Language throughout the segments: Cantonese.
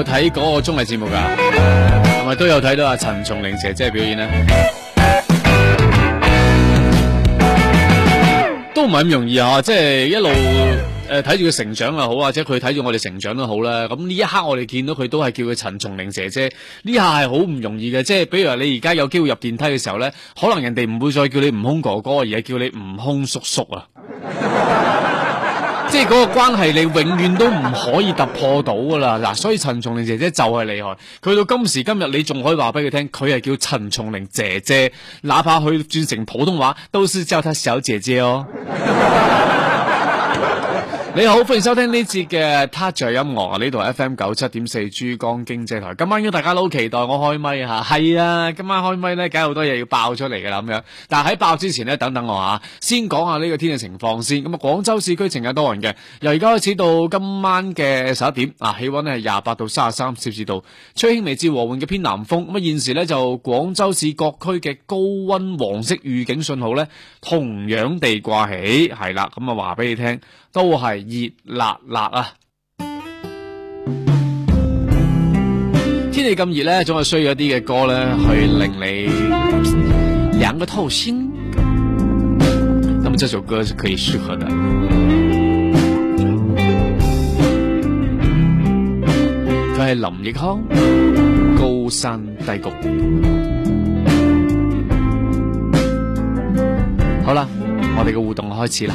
有睇嗰個綜藝節目噶，係咪 都有睇到阿陳松伶姐姐嘅表演呢 都唔係咁容易啊！即係一路誒，睇住佢成長又好，或者佢睇住我哋成長都好啦。咁呢一刻我哋見到佢都係叫佢陳松伶姐姐。呢下係好唔容易嘅，即係比如話你而家有機會入電梯嘅時候咧，可能人哋唔會再叫你悟空哥哥，而係叫你悟空叔叔啊。 即係嗰個關係，你永遠都唔可以突破到噶啦。嗱，所以陳松伶姐姐就係厲害，佢到今時今日，你仲可以話俾佢聽，佢係叫陳松伶姐姐，哪怕佢轉成普通話，都是叫她小姐姐哦。 你好，歡迎收聽呢節嘅 Touch 音樂啊！呢度係 F M 九七點四珠江經濟台。今晚大家都好期待我開咪吓，係啊，啊！今晚開咪呢梗係好多嘢要爆出嚟噶啦咁樣。但係喺爆之前呢，等等我吓，啊，先講下呢個天氣情況先。咁啊，廣州市區晴間多雲嘅，由而家開始到今晚嘅十一點，啊，氣溫呢係廿八到三十三攝氏度，吹輕微至和緩嘅偏南風。咁啊，現時呢，就廣州市各區嘅高溫黃色預警信號呢同樣地掛起，係啦。咁啊，話，嗯、俾你聽，都係。熱辣辣啊！天氣咁熱咧，總係需要一啲嘅歌咧，去令你涼個透心。咁麼這首歌是可以適合的，佢係林奕匡《高山低谷》。好啦，我哋嘅互動開始啦。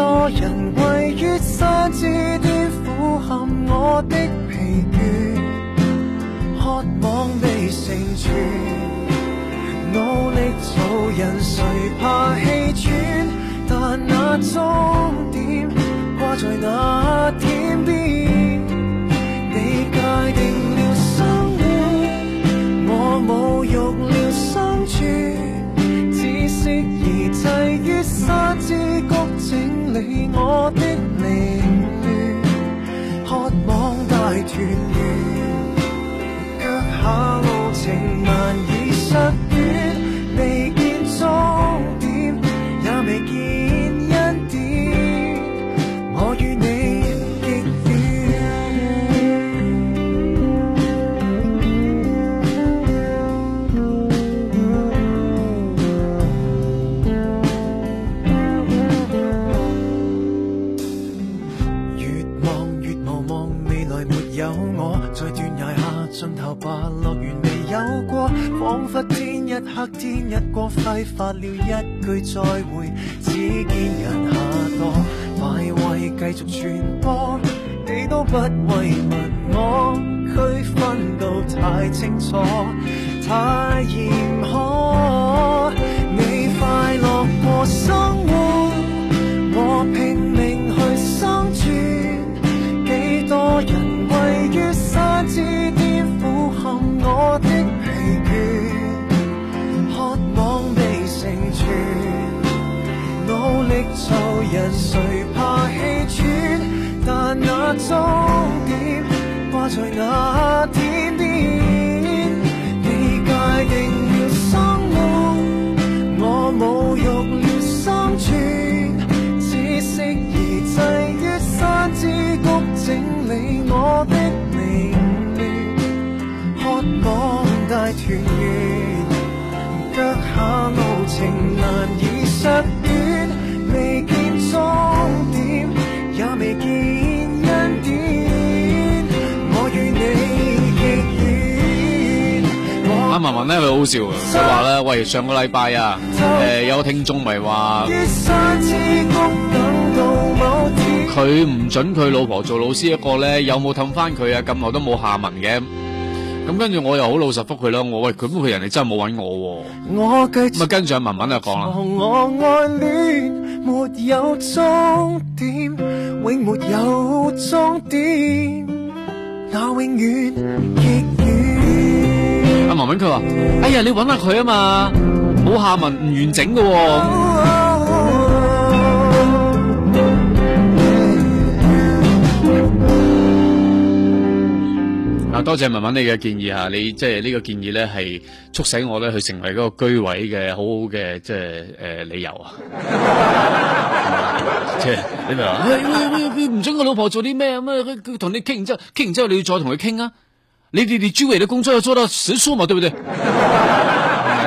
多人位於山之巔，俯瞰我的疲倦，渴望被成全。努力做人，誰怕氣喘？但那終點掛在那天邊，你界定了生活。我冇。天一光，揮發了一句再會，只見人下墮。快為繼續傳播，你都不慰問我，區分到太清楚，太嚴苛。人誰怕氣喘？但那終點掛在那。佢好笑啊，佢話咧，喂，上個禮拜啊誒就、呃、有個聽眾咪話佢唔准佢老婆做老師一個呢，又有冇氹返佢啊，咁耐都冇下文嘅。咁跟住我又好老實覆佢啦，我喂佢，佢人哋真係冇搵我、啊、我繼續啊，跟住阿文文就慢慢講啦，我愛戀沒有終點永沒有終點那永遠亦遠文文佢話：哎呀，你揾下佢啊嘛，冇下文唔完整㗎嗱、啊，多謝文文你嘅建議啊！你即係呢個建議咧，係促使我咧去成為嗰個居委嘅好好嘅即係誒、呃、理由啊！ 即係你明話，你你唔准個老婆做啲咩咁啊？佢佢同你傾，然之後傾完之後，傾完之後你要再同佢傾啊！你你你，你居委的工作要做到實處嘛，對不對？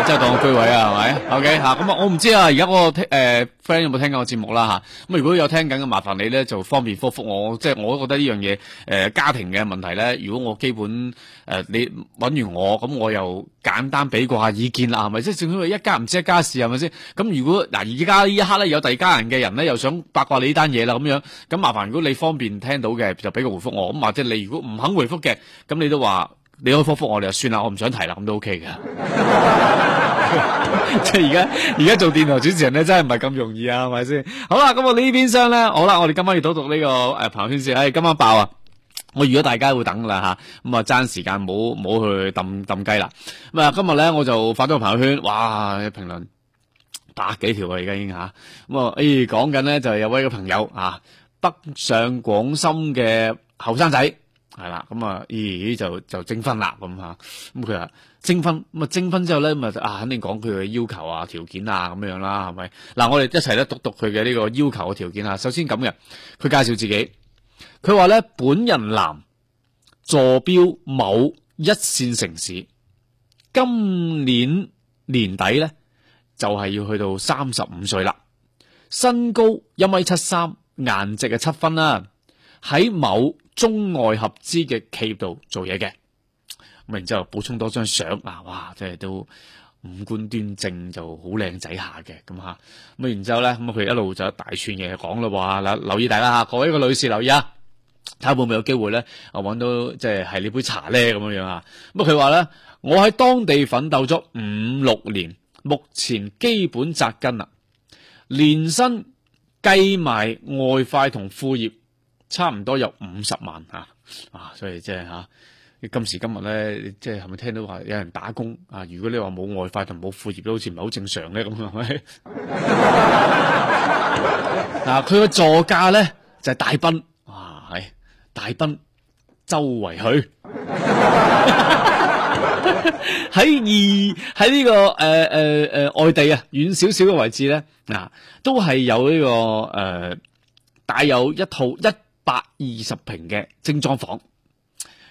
即係當我居委、okay, 啊，係咪？OK 吓，咁、呃、啊，我唔知啊，而家我個誒 friend 有冇聽緊我節目啦吓？咁如果有聽緊嘅，麻煩你咧就方便回復我。即、就、係、是、我覺得呢樣嘢誒，家庭嘅問題咧，如果我基本誒、呃、你揾完我，咁我又簡單俾下意見啦，係咪？即係正所謂一家唔知一家事，係咪先？咁、嗯、如果嗱，而家呢一刻咧有第二家人嘅人咧又想八卦你呢單嘢啦，咁樣咁麻煩。如果你方便聽到嘅，就俾個回覆我。咁或者你如果唔肯回覆嘅，咁你都話。你可以覆覆我哋就算啦，我唔想提啦，咁都 OK 嘅。即係而家而家做電台主持人咧，真係唔係咁容易啊，係咪先？好啦，咁我呢邊廂咧，好啦，我哋今晚要導讀呢、這個誒、呃、朋友圈，唉，今晚爆啊！我預咗大家會等啦吓，咁啊，爭、嗯、時間冇冇去抌抌雞啦。咁、嗯、啊，今日咧我就發咗個朋友圈，哇，評論百幾條啊，而家已經吓。咁啊，誒、哎，講緊咧就係、是、有位嘅朋友啊，北上廣深嘅後生仔。係啦，咁、嗯嗯、啊，咦就就徵婚啦咁吓，咁佢話徵婚，咁啊徵婚之後咧，啊肯定講佢嘅要求啊、條件啊咁樣啦，係咪？嗱，我哋一齊咧讀讀佢嘅呢個要求嘅條件啊。首先咁嘅，佢介紹自己，佢話咧本人男，坐標某一線城市，今年年底咧就係、是、要去到三十五歲啦，身高一米七三、啊，顏值嘅七分啦，喺某。中外合資嘅企業度做嘢嘅，咁然之後補充多張相啊！哇，即係都五官端正，就好靚仔下嘅咁嚇。咁啊然之後咧，咁佢一路就一大串嘢講啦。哇！嗱，留意大家嚇，各位個女士留意啊，睇下會唔會有機會咧、啊，我揾到即係係呢杯茶咧咁樣樣嚇。咁啊佢話咧，我喺當地奮鬥咗五六年，目前基本紮根啦，年薪計埋外快同副業。差唔多有五十萬啊，啊，所以即係吓，今時今日咧，即係係咪聽到話有人打工啊？如果你話冇外快同冇副業，都好似唔係好正常咧，咁係咪？嗱，佢個座駕咧就係大賓，啊，係、就是、大賓、哎、周圍去，喺 二喺呢、呢個誒誒誒外地啊，遠少少嘅位置咧，嗱、啊，都係有呢、呢個誒帶、呃、有一套一。百二十平嘅精裝房，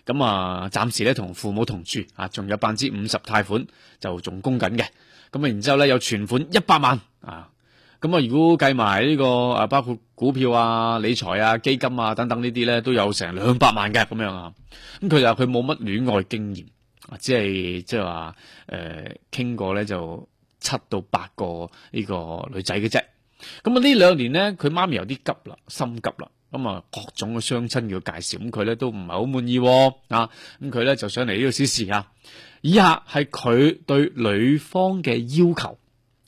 咁啊，暫時咧同父母同住啊，仲有百分之五十貸款就仲供緊嘅，咁啊，然之後咧有存款一百萬啊，咁啊，如果計埋呢個啊，包括股票啊、理財啊、基金啊等等呢啲咧，都有成兩百萬嘅咁樣啊，咁佢就話佢冇乜戀愛經驗，只係即係話誒，傾過咧就七到八個呢個女仔嘅啫，咁啊呢兩年呢，佢媽咪有啲急啦，心急啦。咁啊，各種嘅相親要介紹，咁佢咧都唔係好滿意啊！咁佢咧就想嚟呢度試試下。以下係佢對女方嘅要求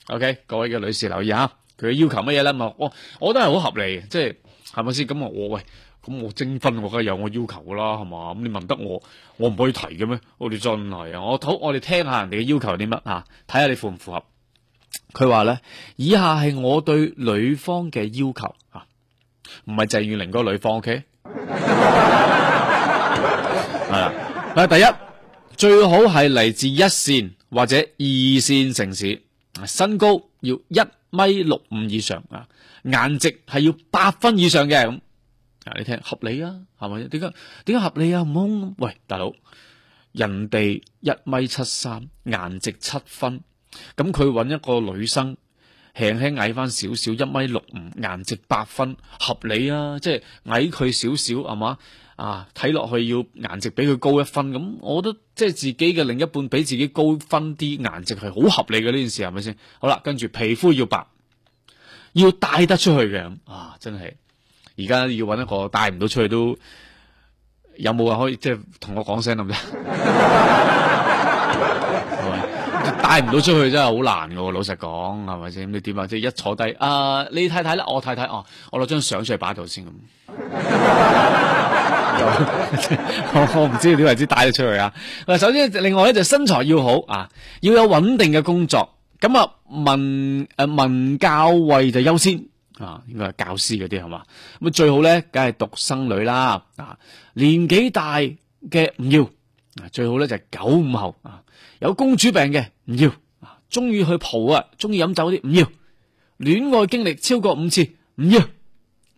，OK？各位嘅女士留意下，佢嘅要求乜嘢咧？咁我我覺得係好合理即係係咪先？咁啊，我喂，咁我徵婚，我梗係有我要求噶啦，係嘛？咁你問得我，我唔可以提嘅咩？我哋進嚟啊！我好，我哋聽下人哋嘅要求係啲乜啊？睇下你符唔符合？佢話咧：以下係我對女方嘅要求啊。唔係鄭裕玲個女放屋企，係、okay? 啦。 第一最好係嚟自一線或者二線城市，身高要一米六五以上啊，顏值係要八分以上嘅。咁你聽，合理啊，係咪？點解？點解合理啊？唔好喂，大佬，人哋一米七三，顏值七分，咁佢揾一個女生。輕輕矮翻少少一米六五，顏值八分合理啊，即係矮佢少少係嘛啊，睇落去要顏值比佢高一分，咁我覺得即係自己嘅另一半比自己高分啲顏值係好合理嘅呢件事係咪先？好啦，跟住皮膚要白，要帶得出去嘅啊，真係而家要搵一個帶唔到出去都有冇人可以即係同我講聲咁唔帶唔到出去真係好難嘅，老實講係咪先？你點啊？即係一坐低，誒，你太太咧，我太太哦，我攞張相出嚟擺喺度先咁。我我唔知點為之帶咗出去啊！嗱，首先另外咧就身材要好啊，要有穩定嘅工作。咁啊，文誒，文教衛就優先啊，應該係教師嗰啲係嘛。咁最好咧，梗係獨生女啦。啊，年紀大嘅唔要。最好咧就九五後啊。有公主病嘅唔要，啊，中意去蒲啊，中意飲酒啲唔要，戀愛經歷超過五次唔要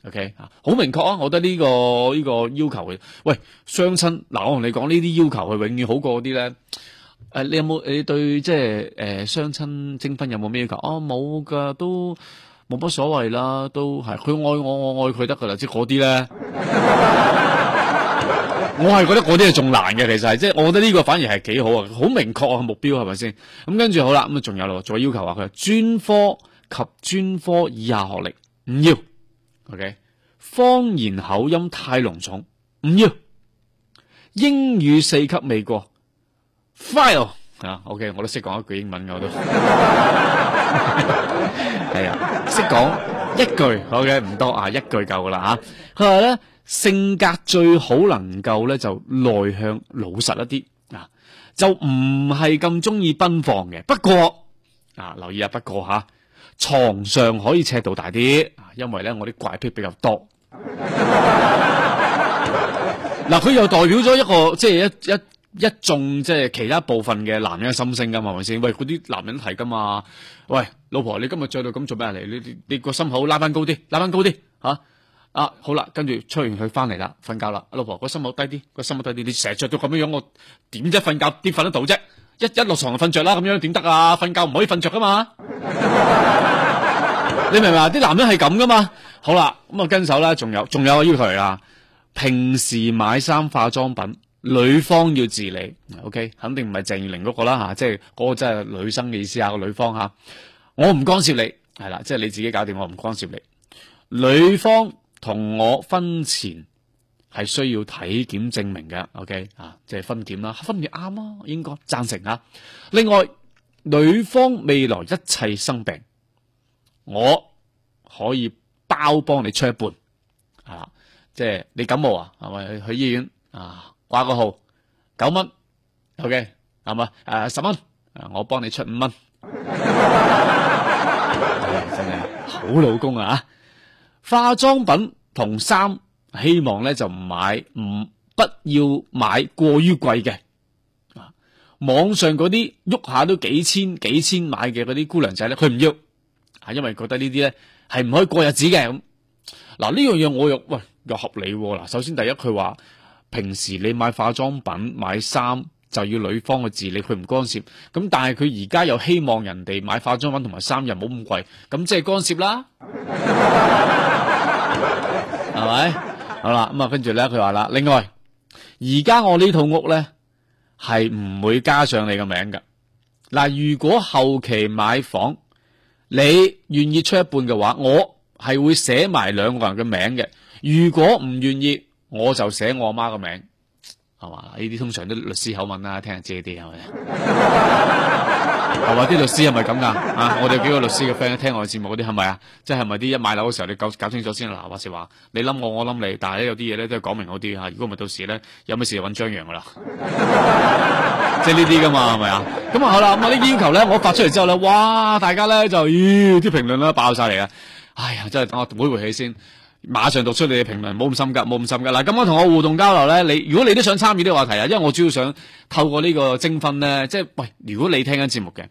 ，OK 啊，好明確啊，我覺得呢個呢個要求嘅，喂，相親嗱，我同你講呢啲要求係永遠好過嗰啲咧，誒、呃，你有冇你對即係誒相親徵婚有冇咩要求？哦、啊，冇噶，都冇乜所謂啦，都係佢愛我我愛佢得噶啦，即係嗰啲咧。 我係覺得嗰啲係仲難嘅，其實即係，我覺得呢個反而係幾好啊，好明確啊，目標係咪先？咁跟住好啦，咁啊仲有咯，再要求話佢專科及專科以下學歷唔要，OK？方言口音太濃重唔要，英語四級未過 File 啊，OK？我都識講一句英文嘅我都。 係啊，識講一句，好嘅，唔多啊，一句夠噶啦吓。佢話咧，性格最好能夠咧就內向老實一啲啊，就唔係咁中意奔放嘅。不過啊，留意啊，不過吓、啊、床上可以尺度大啲啊，因為咧我啲怪癖比較多。嗱、 啊，佢又代表咗一個即係一一。一一眾即係其他部分嘅男人嘅心聲噶嘛，係咪先？喂，嗰啲男人係噶嘛？喂，老婆，你今日着到咁做咩嚟？你你個心口拉翻高啲，拉翻高啲吓啊，啊！好啦，跟住出完去翻嚟啦，瞓覺啦。老婆，那個心口低啲，那個心口低啲。你成日着到咁樣樣，我點啫瞓覺？點瞓得到啫？一一落床就瞓着啦，咁樣點得啊？瞓覺唔可以瞓着噶嘛？ 你明唔明啊？啲男人係咁噶嘛？好啦，咁啊跟手啦，仲有仲有個要求啊！平時買衫化妝品。女方要自理，OK，肯定唔係鄭裕玲嗰個啦吓，即係嗰個真係女生嘅意思啊，嗰個女方吓，啊，我唔干涉你，係啦，即係你自己搞掂，我唔干涉你。女方同我婚前係需要體檢證明嘅，OK，啊，即係婚檢啦，婚檢啱啊，應該讚成啊。另外，女方未來一切生病，我可以包幫你出一半，係啦，即係你感冒啊，係咪去去醫院啊？掛個號九蚊，OK 係嘛？誒十蚊，我幫你出五蚊。真係好老公啊！化妝品同衫，希望咧就唔買，唔不要買過於貴嘅。網上嗰啲喐下都幾千幾千買嘅嗰啲姑娘仔咧，佢唔要，係因為覺得呢啲咧係唔可以過日子嘅。嗱呢樣嘢我又喂又合理嗱，首先第一佢話。平時你買化妝品、買衫就要女方嘅自理，佢唔干涉。咁但係佢而家又希望人哋買化妝品同埋衫又冇咁貴，咁即係干涉啦，係咪？好啦，咁啊，跟住咧，佢話啦，另外，而家我呢套屋咧係唔會加上你嘅名㗎。嗱，如果後期買房，你願意出一半嘅話，我係會寫埋兩個人嘅名嘅。如果唔願意，我就寫我阿媽個名，係嘛？呢啲通常都律師口吻啦，聽下借啲係咪？係話啲 律師係咪咁噶？啊，我哋幾個律師嘅 friend 聽我嘅節目嗰啲係咪啊？即係係咪啲一買樓嘅時候你搞搞清楚先嗱，說話時話你諗我我諗你，但係咧有啲嘢咧都、啊、要講明好啲吓，如果唔係到時咧有咩事就揾張揚噶啦，即係呢啲噶嘛係咪啊？咁啊好啦，咁啲要求咧我發出嚟之後咧，哇！大家咧就，咦、呃？啲評論咧爆晒嚟啊！哎呀，真係等我每回起先。馬上讀出你嘅評論，冇咁心急，冇咁心急。嗱，今晚同我互動交流咧，你如果你都想參與呢個話題啊，因為我主要想透過呢個徵婚咧，即係，喂，如果你聽緊節目嘅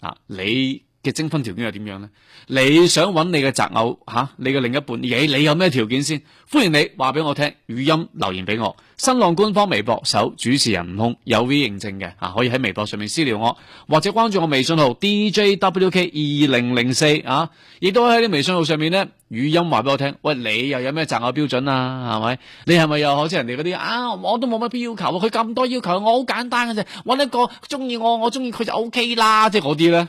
啊，你。嘅徵婚條件又點樣呢？你想揾你嘅擇偶吓、啊、你嘅另一半嘢、哎，你有咩條件先？歡迎你話俾我聽，語音留言俾我。新浪官方微博搜主持人悟空有 V 認證嘅、啊、可以喺微博上面私聊我，或者關注我微信號 D J W K 二零零四啊。亦都喺啲微信號上面呢語音話俾我聽。喂，你又有咩擇偶標準啊？係咪？你係咪又好似人哋嗰啲啊？我都冇乜要求，佢咁多要求，我好簡單嘅啫，揾一個中意我，我中意佢就 O K 啦，即係嗰啲呢。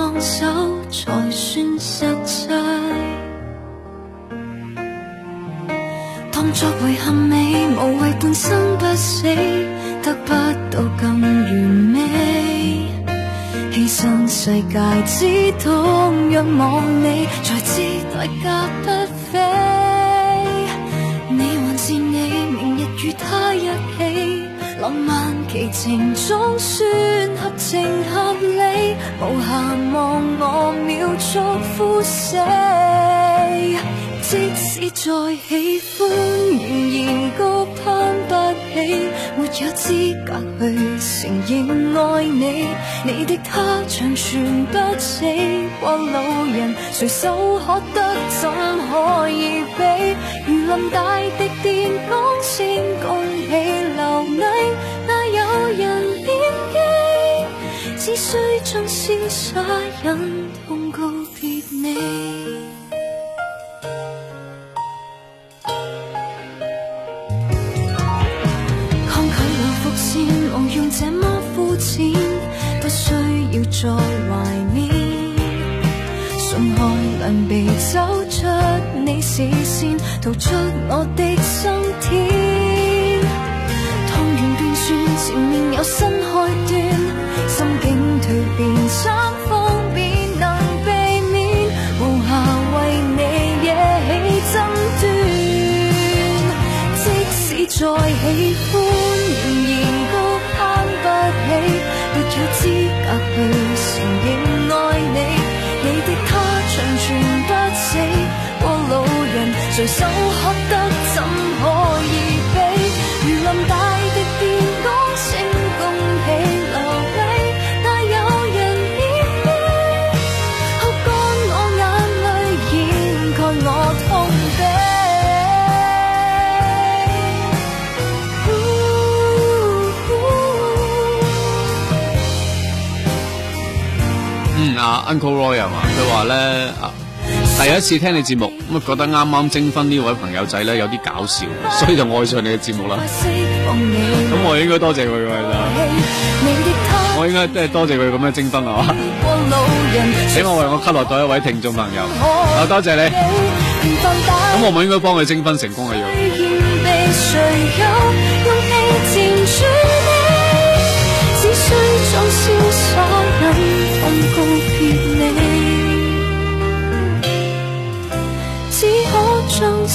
放手才算實際，當作遺憾美，無謂半生不死，得不到更完美。犧牲世界只當仰望你，才知代價不菲。你還是你，明日與他一起。萬祈情總算合情合理，無限望我秒速枯死。即使再喜歡，仍然高攀不起，沒有資格去承認愛你。你的他長存不死或老人，垂手可得怎可以比？如臨大敵電光先攻起。哪有人念記，只需將瀟灑忍痛告別你。 抗拒了伏線，無用這麼膚淺，不需要再懷念。鬆開兩臂，走出你視線，逃出我的心田。前面有新開端。Uncle Roy 係嘛？佢話咧啊，第一次聽你節目咁啊，覺得啱啱徵婚呢位朋友仔咧有啲搞笑，所以就愛上你嘅節目啦。咁、嗯、我應該多謝佢㗎啦，我應該都係多謝佢咁樣徵婚啊。嘛？希望為我吸引到一位聽眾朋友，啊多謝你。咁我咪應該幫佢徵婚成功嘅？要。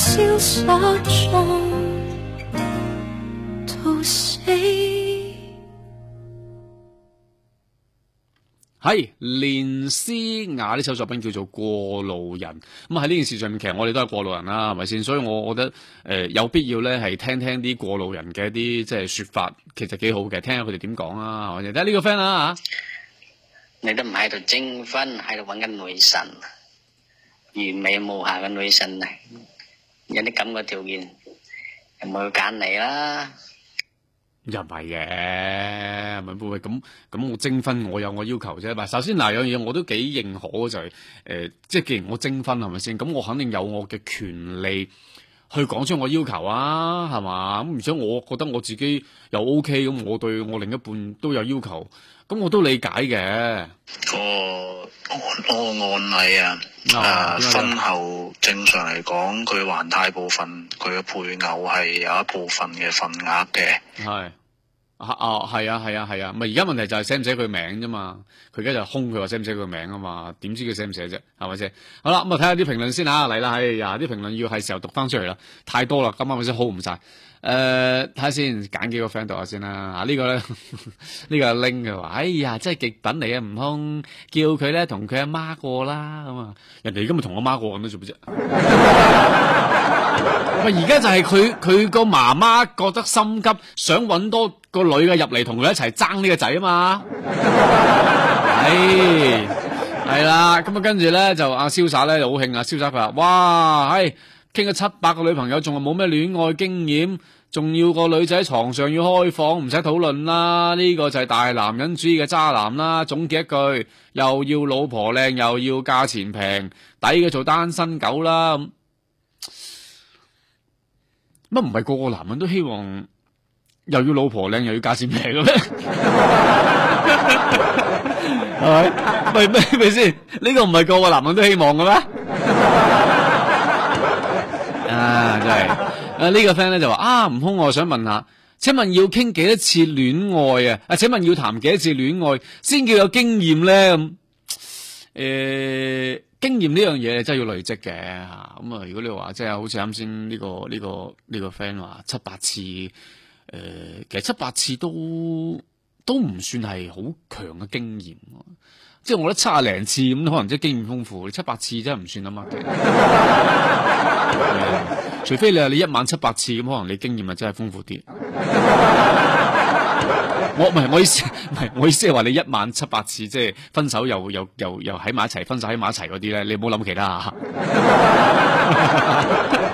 消失中，到死。係連詩雅呢首作品叫做過路人。咁喺呢件事上面，其實我哋都係過路人啦，係咪先？所以我覺得誒、呃、有必要咧，係聽聽啲過路人嘅一啲即係說法，其實幾好嘅。聽下佢哋點講啊！我哋睇下呢個 friend 啦吓，你都唔喺度徵婚，喺度搵緊女神，完美無瑕嘅女神嚟。嗯有啲咁嘅條件，有冇去又冇揀你啦。又唔係嘅，咪唔咁咁，我徵婚我有我要求啫。嗱，首先嗱有樣嘢，我都幾認可嘅就係、是、誒、呃、即、就、係、是、既然我徵婚係咪先？咁我肯定有我嘅權利。去講出我要求啊，係嘛？咁而且我覺得我自己又 OK，咁我對我另一半都有要求，咁我都理解嘅。個案個案例啊，啊，婚、啊、為後正常嚟講，佢還貸部分佢嘅配偶係有一部分嘅份額嘅。係。啊哦，係啊係啊係啊，咪而家問題就係寫唔寫佢名啫嘛，佢而家就空，佢話寫唔寫佢名啊嘛，點知佢寫唔寫啫，係咪先？好啦，咁啊睇下啲評論先吓，嚟啦，哎呀啲評論要係時候讀翻出嚟啦，太多啦，今晚咪先 hold 唔晒。誒，睇下先，揀幾個 friend 度我先啦。啊，呢個、呢呵呵、呢個咧，呢個阿 ling 佢話：，哎呀，真係極品嚟啊！悟空，叫佢咧同佢阿媽過啦。咁啊，人哋而家咪同阿媽過咁都做乜啫？咪而家就係佢佢個媽媽覺得心急，想搵多個女嘅入嚟同佢一齊爭呢個仔啊嘛。係、 哎，係啦。咁、嗯、啊，跟住咧就阿瀟灑咧又好興啊，瀟灑佢話：，哇，唉傾咗七百個女朋友，仲係冇咩戀愛經驗。仲要個女仔床上要開房，唔使討論啦！呢個就係大男人主義嘅渣男啦。總結一句，又要老婆靚，又要價錢平，抵佢做單身狗啦咁。乜唔係個個男人都希望又要老婆靚，又要價錢平嘅咩？係咪？咪咪咪先？呢個唔係個個男人都希望嘅咩？啊，真係。啊呢個 friend 咧就話啊，悟、這個啊、空、啊，我想問下，請問要傾幾多次戀愛啊？啊，請問要談幾多次戀愛先叫有經驗咧？咁、嗯、誒、呃，經驗呢樣嘢真係要累積嘅吓。咁啊，如果你話即係好似啱先呢、這個呢、這個呢、這個 friend 話七八次，誒、呃，其實七八次都都唔算係好強嘅經驗、啊。即係我覺得七十零次咁，可能即係經驗豐富；你七八次真係唔算啊嘛。 除非你話你一晚七八次咁，可能你經驗啊真係豐富啲。 我唔係我意思，唔係我意思係話你一晚七八次，即係分手又又又又喺埋一齊，分手喺埋一齊嗰啲咧，你唔好諗其他啊。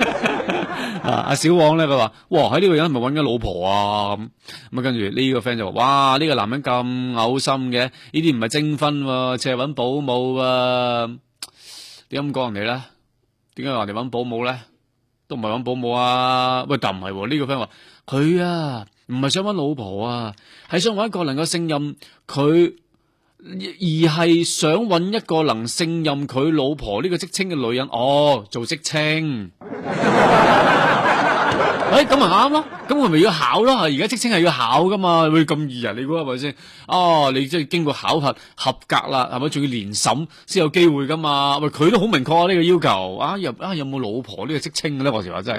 阿、啊、小王咧，佢話：，哇，喺、這、呢個人係咪揾緊老婆啊？咁咁啊，跟住呢個 friend 就話：，哇，呢、這個男人咁嘔心嘅，呢啲唔係徵婚喎，淨係揾保姆啊。是找啊」點解咁講人哋咧？點解人哋揾保姆咧？都唔係揾保姆啊？喂，但唔係、哦，呢、這個 friend 話佢啊，唔係想揾老婆啊，係想揾一個能夠勝任佢，而係想揾一個能勝任佢老婆呢、這個職稱嘅女人。哦，做職稱。 誒，咁咪啱咯咁佢咪要考咯？而家職稱係要考噶嘛，會咁易啊？你估係咪先？哦、啊，你即係經過考核合格啦，係咪？仲要年審先有機會噶嘛？喂、啊，佢都好明確呢、啊這個要求啊！有啊，有冇老婆個呢個職稱咧？話時話真係，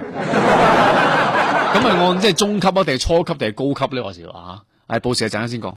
咁咪按即係中級啊，定係初級定係高級咧？話、啊、時話吓，係報社陣間先講。